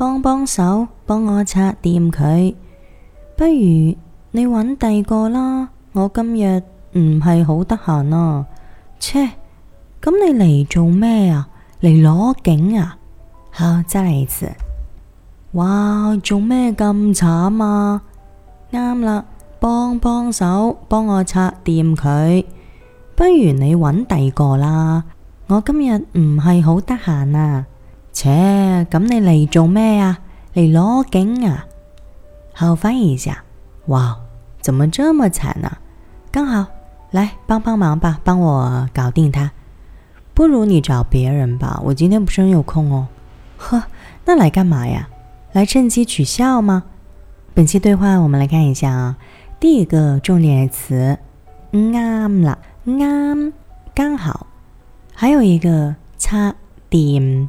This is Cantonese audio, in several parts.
幫幫手，幫我拆掂佢。不如你揾第二個啦，我今日唔係好得閒啊。切，咁你嚟做咩啊？嚟攞景啊？吓，真係似，哇，做咩咁慘啊？啱啦，幫幫手，幫我拆掂佢。不如你揾第二個啦，我今日唔係好得閒啊。切，咁你嚟做咩啊？嚟攞景啊？好，翻譯一下。哇，wow，怎麼這麼慘啊？剛好，來幫幫忙吧，幫我搞定它。不如你找別人吧，我今天不是很有空哦。呵，那來幹嘛呀？來趁機取笑嗎？本期對話我們來看一下啊、哦。第一個重點詞，啱啦，啱，剛好。還有一個拆掂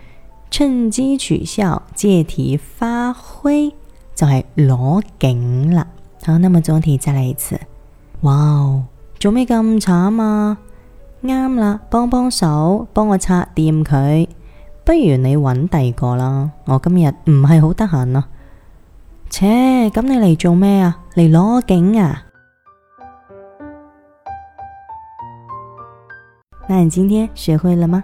趁機取笑，借題發揮，就係攞景啦。好，那麼總體再來一次。哇，做咩咁慘啊？啱啦，幫幫手，幫我拆掂佢。不如你搵第二個啦，我今日唔係好得閒咯。切，咁你嚟做咩啊？嚟攞景啊？那你今天學會了嗎？